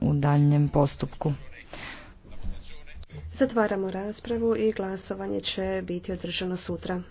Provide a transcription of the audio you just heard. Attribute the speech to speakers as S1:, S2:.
S1: u daljnjem postupku.
S2: Zatvaramo raspravu i glasovanje će biti održano sutra.